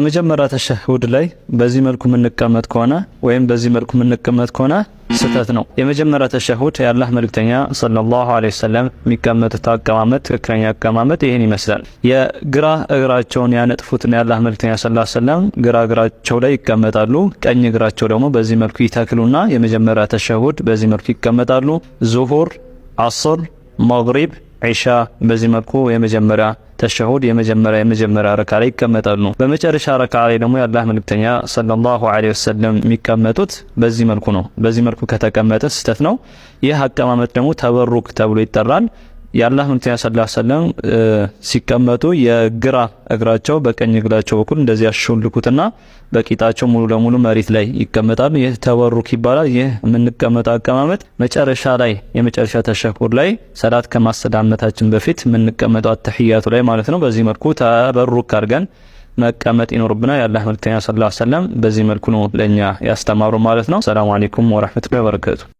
የመጀመሪያ ተሸሁድ ላይ በዚህ መልኩ የምንቀመጥ ከሆነ ወይም በዚህ መልኩ የምንቀመጥ ከሆነ ስህተት ነው። የመጀመሪያ ተሸሁድ የአላህ መልክተኛ ሰለላሁ ዐለይሂ ወሰለም የሚቀመጡት አቀማመጥ ትክክለኛ አቀማመጥ ይህን ይመስላል። የግራ እግራቸውን ያነጥፉትና የአላህ መልክተኛ ሰለላሁ ዐለይሂ ወሰለም ግራ እግራቸው ላይ ይቀመጣሉ። ቀኝ እግራቸው ደግሞ በዚህ መልኩ ይተክሉና የመጀመሪያ ተሸሁድ በዚህ መልኩ ይቀመጣሉ። ዙሁር፣ አስር፣ መግሪብ ዒሻ በዚህ መልኩ የመጀመሪያ ተሸሁድ የመጀመሪያ የመጀመሪያ ረካ ላይ ይቀመጣሉ። በመጨረሻ ረካ ላይ ደግሞ የአላህ መልክተኛ ሰለላሁ ዐለይሂ ወሰለም የሚቀመጡት በዚህ መልኩ ነው። በዚህ መልኩ ከተቀመጠ ስህተት ነው። ይህ አቀማመጥ ደግሞ ተበሩክ ተብሎ ይጠራል። የአላህ መልክተኛ ሰላ ዐለይሂ ሲቀመጡ የግራ እግራቸው በቀኝ እግራቸው በኩል እንደዚህ ያሾልኩትና በቂጣቸው ሙሉ ለሙሉ መሬት ላይ ይቀመጣሉ። ይህ ተበሩክ ይባላል። ይህ የምንቀመጠው አቀማመጥ መጨረሻ ላይ የመጨረሻ ተሸኩር ላይ ሰላት ከማሰዳመታችን በፊት የምንቀመጠው አተህያቱ ላይ ማለት ነው። በዚህ መልኩ ተበሩክ አድርገን መቀመጥ ይኖርብናል። የአላህ መልክተኛ ሰለላሁ ዐለይሂ ወሰለም በዚህ መልኩ ነው ለኛ ያስተማሩ ማለት ነው። ሰላሙ አለይኩም ወራህመቱላሂ ወበረካቱ